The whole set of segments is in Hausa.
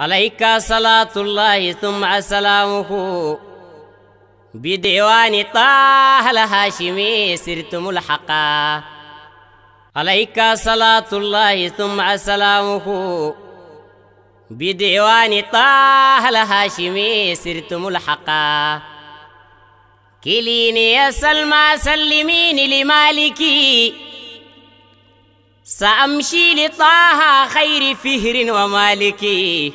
عليك صلاة الله ثم سلامه بديوان طه الهاشمي سرت ملحقا عليك صلاة الله ثم سلامه بديوان طه الهاشمي سرت ملحقا كليني يا سلمى سلميني لمالكي سأمشي لطه خير فهر ومالكي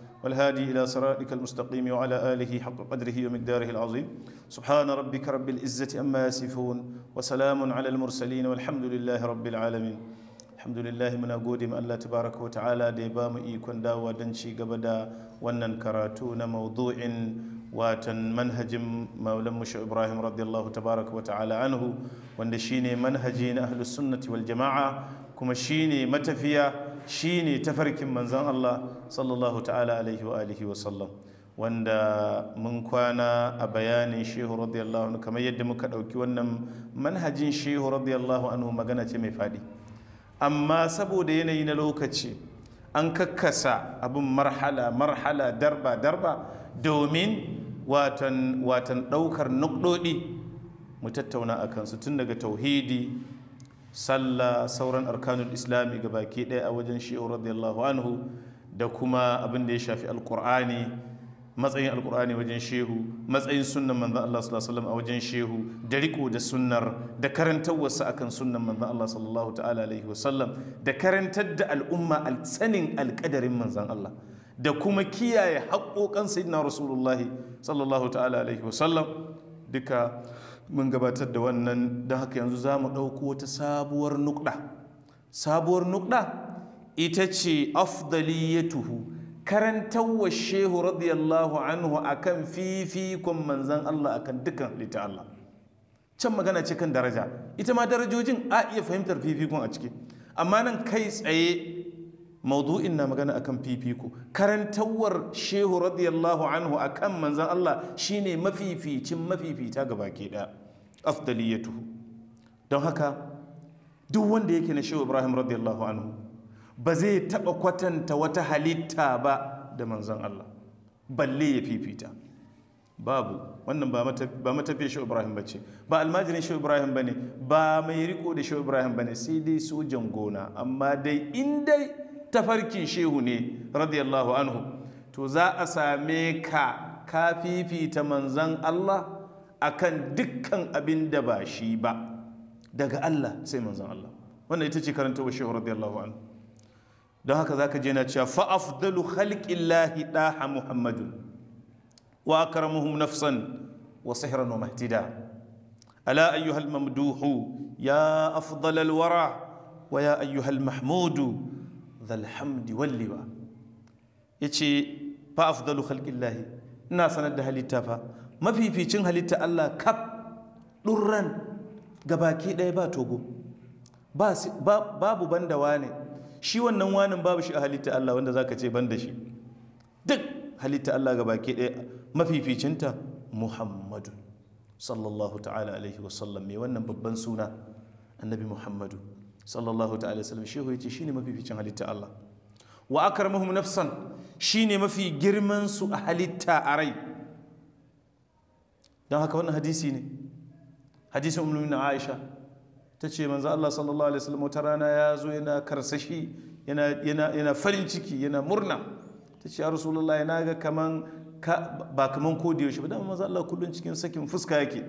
والهادي إلى صراطك المستقيم وعلى آله حق قدره ومقداره العظيم سبحان ربك رب العزة أما يصفون وسلام على المرسلين والحمد لله رب العالمين alhamdulillah muna gode ma Allah tabaraka wa ta'ala da ya ba mu ikon dawowa don ci gaba da wannan karatu na maudu'in watan manhajin maulan musha ibrahim radiyallahu tabaraka wa ta'ala anhu wanda shine manhaji na ahlus sunnati wal jama'a kuma shine matafiya Shi ta tafarkin manzan Allah sallallahu ta'ala alaihi wa alihi wa sallam wanda mun kwana a bayanin shehu radiyallahu anhu kamar yadda muka ɗauki wannan manhajin shehu radiyallahu anhu magana ce mai faɗi amma saboda yanayi na lokaci an kakkasa abin marhala marhala darba darba domin watan ɗaukar nukɗoɗi mu tattauna a kansu tun daga tauhidi sallah sauran arkanul islami ga baki ɗaya a wajen shi'u radiyallahu anhu da kuma abin da ya shafi alkur'ani matsayin alkur'ani wajen shehu matsayin sunnan manzan Allah sallallahu alaihi a wajen shehu da riko da sunnar da karantarwarsa akan sunnan manzan Allah sallallahu ta'ala alaihi wasallam da karantar da al'umma tsanin alkadarin manzan Allah da kuma kiyaye haƙoƙan sayyidina rasulullahi sallallahu ta'ala alaihi wasallam duka mun gabatar da wannan don haka yanzu za mu ɗauko wata sabuwar nukɗa sabuwar nukɗa ita ce afdaliyatuhu karantarwa shehu radiyallahu anhu akan fifikon manzan Allah akan dukkan halitta Allah can magana ce kan daraja ita ma darajojin a iya fahimtar fifikon a ciki amma nan kai tsaye maudu'in na magana akan fifiko karantawar shehu radiyallahu anhu akan manzan Allah shine mafificin mafifita ga baki ɗaya afdaliyatu don haka duk wanda yake na shehu ibrahim radiyallahu anhu ba zai taɓa kwatanta wata halitta ba da manzan Allah balle ya fifita babu wannan ba matafiya shehu ibrahim ba ba almajirin shehu ibrahim ba ne ba mai riko da shehu ibrahim ba ne sai dai sojan gona amma dai in dai tafarkin shehu ne radiyallahu anhu to za a same ka ka fifita manzan Allah akan dukkan abin da ba shi ba daga Allah sai manzan Allah wannan ita ce karanta wa shehu radiyallahu anhu don haka zaka je na cewa fa afdalu khalqillahi daha muhammadun wa akramuhum nafsan wa sihran wa mahtida ألا أيها الممدوح يا أفضل الورع ويا أيها المحمود zal walliwa ya ce fa afdalu khalqillahi ina sanar da halitta fa mafificin halitta Allah kaf durran gabaki ɗaya ba togo babu banda wane shi wannan wanin babu shi a halitta Allah wanda zaka ce banda shi duk halitta Allah gabaki ɗaya mafificinta Muhammadu sallallahu ta'ala alaihi wasallam mai wannan babban suna annabi Muhammadu sallallahu ta'ala sallam shehu ne mafi mafificin halitta Allah wa mahum nafsan ne mafi girman su a halitta a rai don haka wannan hadisi ne hadisin na Aisha ta ce manzo Allah sallallahu alaihi wasallam wata rana ya zo yana karsashi yana farin ciki yana murna ta ce ya rasulullahi yana ga kaman ba kaman ko da yaushe ba dama manzo Allah kullun cikin sakin fuska yake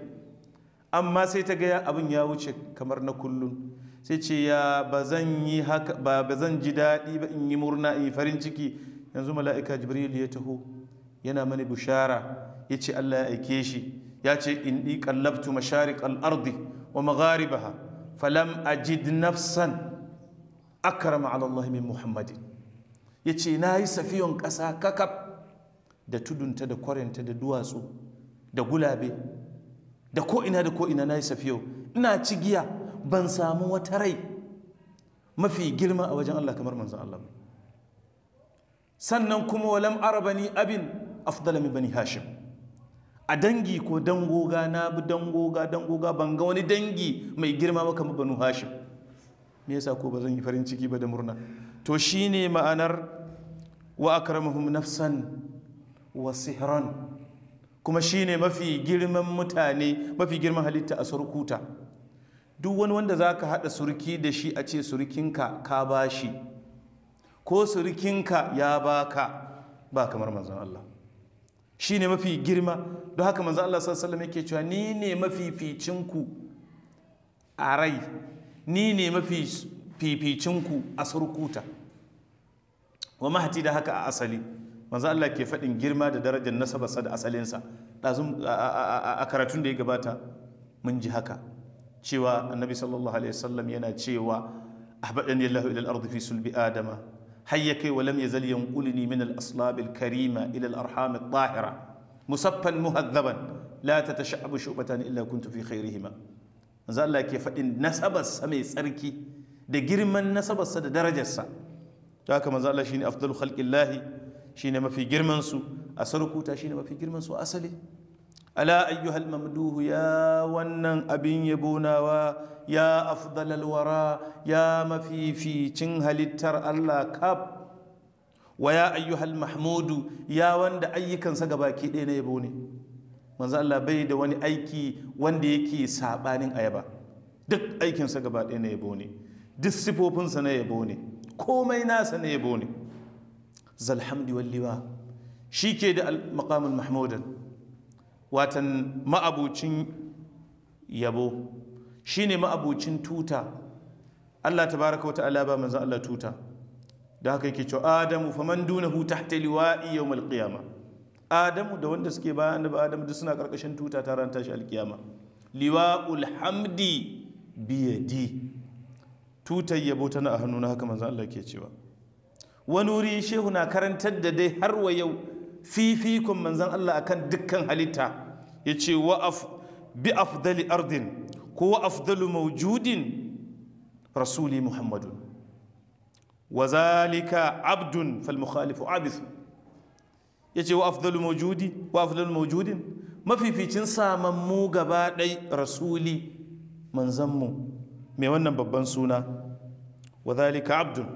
amma sai ta gaya abin ya wuce kamar na kullun sai ce ya ba zan yi haka ba zan ji daɗi ba in yi murna in yi farin ciki yanzu mala'ika jibril ya taho yana mani bushara ya ce Allah ya aike shi ya ce in ɗi kallabtu masharik ardi wa magharibaha falam ajid nafsan akrama ala Allah min muhammadin ya ce na yi safiyon ƙasa kakaf da tudunta da kwarenta da duwatsu da gulabe da ko'ina da ko'ina na yi safiyo ina cigiya ban samu wata rai mafi girma a wajen Allah kamar manzan Allah sannan kuma walam arabani abin afdala min bani hashim a dangi ko dangoga na bi dangoga dangoga ban ga wani dangi mai girma ba kamar banu hashim me yasa ko ba zan yi farin ciki ba da murna to shine ma'anar wa akramahum nafsan wa sihran kuma shine mafi girman mutane mafi girman halitta a sarkuta duk wani wanda za ka haɗa surki da shi a ce surkinka ka ba shi ko surkinka ya ba ka ba kamar manzan Allah shi ne mafi girma don haka manzan Allah sassalama yake cewa ni ne mafi ficinku a rai ni ne mafi fificinku a surkuta wa mahati da haka a asali manzan Allah ke faɗin girma da darajar nasabarsa da asalinsa a karatun da ya gabata mun ji haka cewa annabi sallallahu alaihi wasallam yana cewa ahbadani Allahu ila al-ardi fi sulbi adama Kai wa lam yazal yanqulni min al-aslab al-karima ila al-arham at-tahira musaffan muhadhaban la tatashabu shubatan illa kuntu fi khairihima manzo Allah ke fadin nasabarsa mai tsarki da girman nasabarsa da darajarsa ta haka manzo Allah shine afdalu khalqillahi shine mafi girman su a sarkuta shine mafi girman su asali ala ayyuhal mamduhu ya wannan abin yabonawa ya afdalal wara ya mafificin halittar Allah kaf wa ya ayyuhal mahmudu ya wanda ayyukansa gabaki ɗaya na yabo ne manzo Allah bai da wani aiki wanda yake sabanin ayaba duk aikinsa gaba ɗaya na yabo ne duk sifofinsa na yabo ne komai nasa na yabo ne zalhamdi walliwa shi ke da maqamul mahmudan watan ma'abucin yabo shine ma'abucin tuta Allah tabaraka wa ta'ala ba manzon Allah tuta da haka yake cewa adamu faman dunahu tahta liwa'i yawmal qiyama adamu da wanda suke bayan annabi adamu duk suna karkashin tuta ta ran tashi alkiyama liwa'ul hamdi biyadi tutar yabo tana a hannu na haka manzon Allah ke cewa wani wuri shehu na karantar da dai har wa yau fifikon manzan Allah akan dukkan halitta ya ce bi afdali ardin ko wa afdalu maujudin rasuli Muhammadu." wa zalika abdun fal mukhalifu abithu ya ce wa afdalu maujudi wa afdalu maujudin mafificin samammu gaba ɗai rasuli manzanmu mai wannan babban suna wa zalika abdun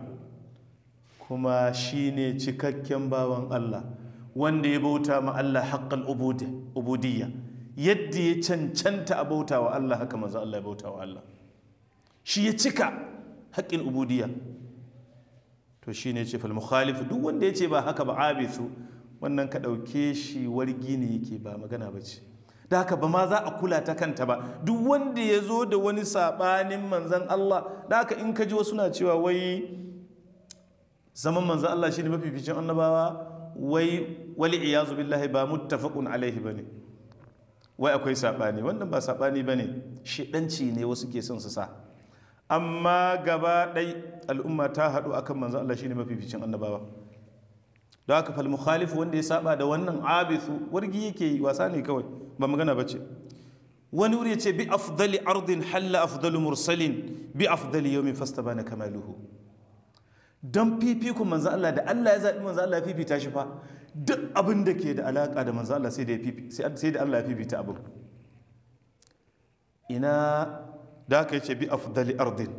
kuma ne cikakken bawan Allah wanda ya bauta ma Allah haƙƙal ubudiyya yadda ya cancanta a bauta wa Allah haka manzo Allah ya bauta wa Allah shi ya cika haƙƙin ubudiyya to shi ne ce fal mukhalif duk wanda ya ce ba haka ba abisu wannan ka ɗauke shi wargi ne yake ba magana ba ce da haka ba ma za a kula ta kanta ba duk wanda ya zo da wani saɓanin manzan Allah da haka in ka ji wasu na cewa wai zaman manzan Allah shi ne mafificin annabawa wai wali iyazu billahi ba muttafaqun alaihi bane wai akwai sabani wannan ba sabani bane shidanci ne wasu ke son su sa amma gaba dai al'umma ta hadu akan manzon Allah mafi mafificin annabawa Da aka fal mukhalif wanda ya saba da wannan abithu wargi yake yi wasa ne kawai ba magana bace wani wuri ya ce bi afdali ardin halla afdalu mursalin bi afdali yawmin fastabana kamaluhu don fifikun manzan Allah da Allah ya zaɓi manzan Allah ya fifita shi fa duk abin da ke da alaƙa da manzan Allah sai da Allah ya fifita abin ina da aka ce bi afdali ardin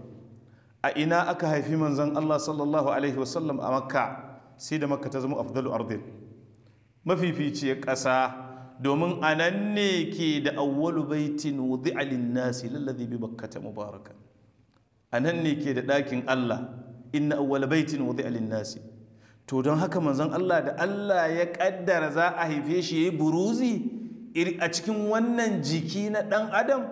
a ina aka haifi manzan Allah sallallahu alaihi wasallam a makka sai da makka ta zama afdalu ardin mafificiyar ƙasa domin a nan ne ke da awwalu baitin wudi'a lin nasi lallazi bi bakkata mubaraka. a nan ne ke da ɗakin Allah inna awwala baitin wudi'a lin-nasi to don haka manzon Allah da Allah ya kaddara za a haife shi yayi buruzi a cikin wannan jiki na dan adam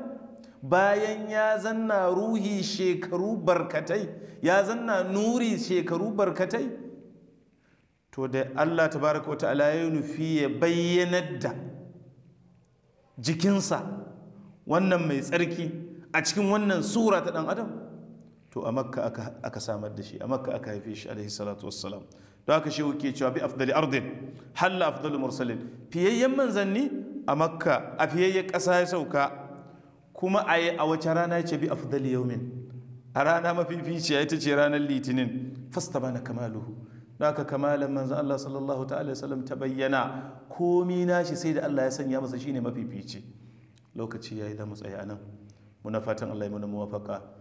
bayan ya zanna ruhi shekaru barkatai ya zanna nuri shekaru barkatai to da Allah tabaaraka wa ta'ala ya nufi ya bayyanar da jikinsa wannan mai tsarki a cikin wannan sura ta dan adam to a makka aka samar da shi a makka aka haife shi alaihi salatu wassalam don haka shi ke cewa bi afdali ardin halla afdalu mursalin fiyayyen manzanni a makka a fiyayyen ƙasa ya sauka kuma a wace rana ya ce bi afdali yaumin a rana mafificiya ita ce ranar litinin fasta bana kamaluhu don haka kamalan manzan Allah sallallahu ta'ala wasallam ta bayyana komi nashi sai da Allah ya sanya masa shine mafifici lokaci ya yi da mu tsaye a nan muna fatan Allah ya mana muwafaka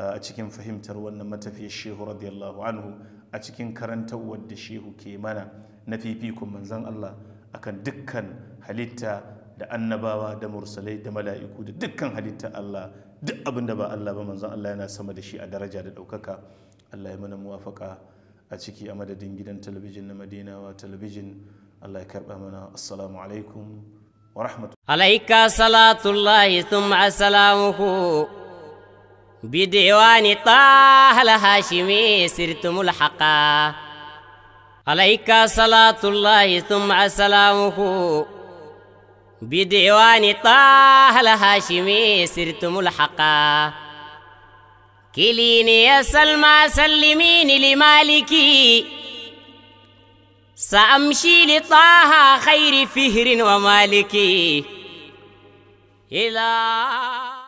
a cikin fahimtar wannan matafiyar shehu radiyallahu anhu a cikin karantarwar da shehu ke mana na fifikon manzan Allah akan dukkan halitta da annabawa da mursalai da mala'iku da dukkan halitta Allah duk abin da ba Allah ba manzan Allah yana sama da shi a daraja da ɗaukaka Allah ya mana muwafaka a ciki a madadin gidan talabijin na madinawa talabijin Allah ya karɓa mana assalamu alaikum wa rahmatu alaika salatullahi thumma salamuhu بديوان طه الهاشمي سرت ملحقا عليك صلاة الله ثم سلامه بديوان طه الهاشمي سرت ملحقا كليني يا سلمى سلميني لمالكي سأمشي لطه خير فهر ومالكي إلى